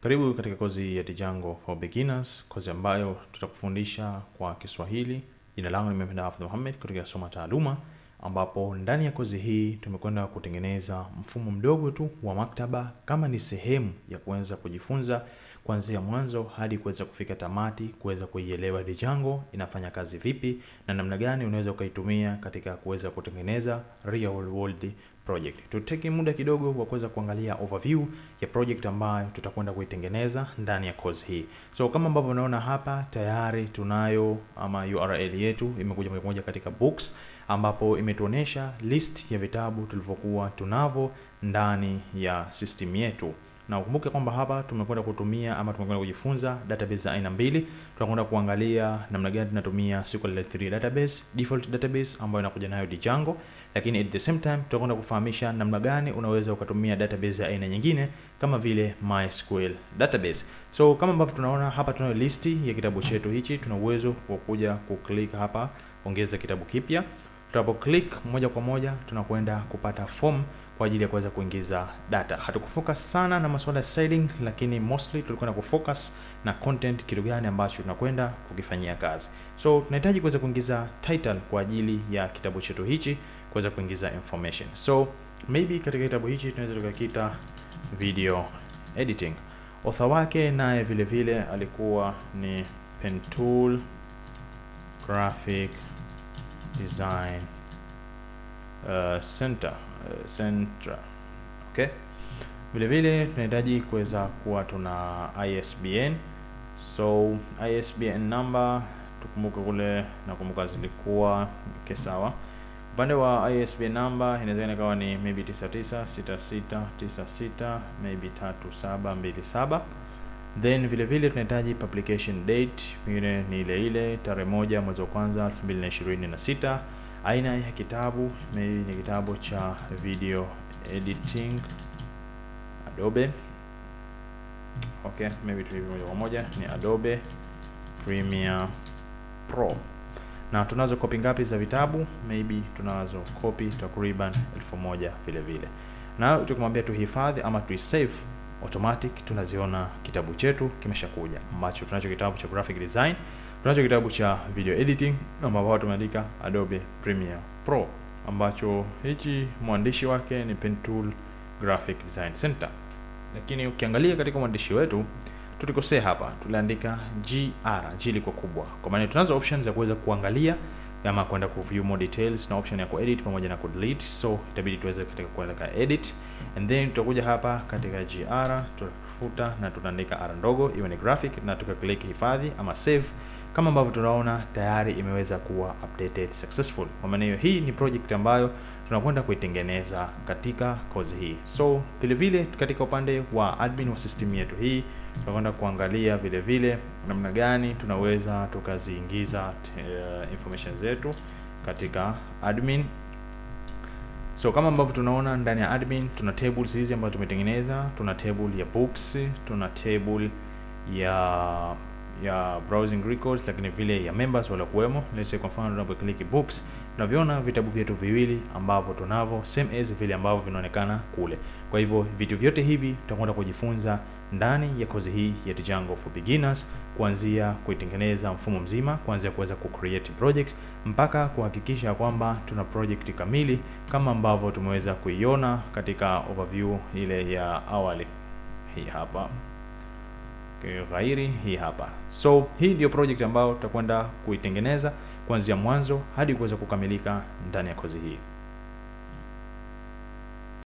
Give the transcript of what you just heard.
Karibu katika kozi ya Django for Beginners, kozi ambayo tutakufundisha kwa Kiswahili. Jina langu ni Mehmed Hafidh Mohamed kutoka Soma Taaluma ambapo ndani ya kozi hii tumekwenda kutengeneza mfumo mdogo tu wa maktaba kama ni sehemu ya kuweza kujifunza kuanzia mwanzo hadi kuweza kufika tamati, kuweza kuielewa Django inafanya kazi vipi na namna gani unaweza ukaitumia katika kuweza kutengeneza real world project. Tuteke muda kidogo wa kuweza kuangalia overview ya project ambayo tutakwenda kuitengeneza ndani ya course hii. So kama ambavyo unaona hapa tayari tunayo ama URL yetu imekuja moja katika books ambapo imetuonyesha list ya vitabu tulivyokuwa tunavyo ndani ya system yetu na ukumbuke kwamba hapa tumekwenda kutumia ama tumekwenda kujifunza database za aina mbili. Tunakwenda kuangalia namna gani tunatumia SQL 3 database, default database ambayo inakuja nayo Django, lakini at the same time tutakwenda kufahamisha namna gani unaweza ukatumia database za aina nyingine kama vile MySQL database. So kama ambavyo tunaona hapa, tunayo listi ya kitabu chetu hichi, tuna uwezo wa kuja kuklik hapa, ongeza kitabu kipya Tutapo click moja kwa moja tunakwenda kupata form kwa ajili ya kuweza kuingiza data. Hatukufocus sana na masuala ya styling, lakini mostly tulikwenda kufocus na content, kitu gani ambacho tunakwenda kukifanyia kazi. So tunahitaji kuweza kuingiza title kwa ajili ya kitabu chetu hichi kuweza kuingiza information. So maybe katika kitabu hichi tunaweza tukakita video editing. Author wake naye vile vile alikuwa ni Pentool Graphic design uh, center uh, center okay. Vile vile tunahitaji kuweza kuwa tuna ISBN, so ISBN number tukumbuke kule, nakumbuka zilikuwa okay, sawa. Upande wa ISBN number inaweza ikawa ni maybe 996696 maybe 3727 Then vile vile tunahitaji publication date, ile ni ile ile tarehe moja mwezi wa kwanza 2026. Aina ya kitabu ni kitabu cha video editing Adobe. Okay, maybe tulivi moja kwa moja ni Adobe Premiere Pro. Na tunazo kopi ngapi za vitabu? Maybe tunazo kopi takriban elfu moja vile vile, na tukimwambia tuhifadhi ama tuisave automatic tunaziona kitabu chetu kimeshakuja, ambacho tunacho kitabu cha graphic design, tunacho kitabu cha video editing ambapo tumeandika Adobe Premiere Pro, ambacho hichi mwandishi wake ni Pentool Graphic Design Center. Lakini ukiangalia katika mwandishi wetu tulikosea hapa, tuliandika GR, G ilikuwa kubwa, kwa maana tunazo options ya kuweza kuangalia ama kwenda ku view more details na option ya ku edit pamoja na ku delete, so itabidi tuweze katika kueleka edit, and then tutakuja hapa katika gr tutafuta na tutaandika r ndogo iwe ni graphic na tukaklik hifadhi ama save. Kama ambavyo tunaona tayari imeweza kuwa updated successful. Kwa maana hiyo, hii ni project ambayo tunakwenda kuitengeneza katika kozi hii. So vile vile katika upande wa admin wa system yetu hii tunakwenda kuangalia vile vile namna gani tunaweza tukaziingiza uh, information zetu katika admin. So kama ambavyo tunaona ndani ya admin tuna tables hizi ambazo tumetengeneza, tuna table ya books, tuna table ya ya browsing records, lakini vile ya members wala kuwemo. Let's say kwa mfano tunapo click books, tunaviona vitabu vyetu viwili ambavyo tunavyo same as vile ambavyo vinaonekana kule. Kwa hivyo vitu vyote hivi tutakwenda kujifunza ndani ya kozi hii ya Django for Beginners, kuanzia kuitengeneza mfumo mzima, kuanzia kuweza kucreate project mpaka kuhakikisha kwamba tuna project kamili kama ambavyo tumeweza kuiona katika overview ile ya awali. Hii hapa ghairi hii hapa. So hii ndio project ambayo tutakwenda kuitengeneza kuanzia mwanzo hadi kuweza kukamilika ndani ya kozi hii.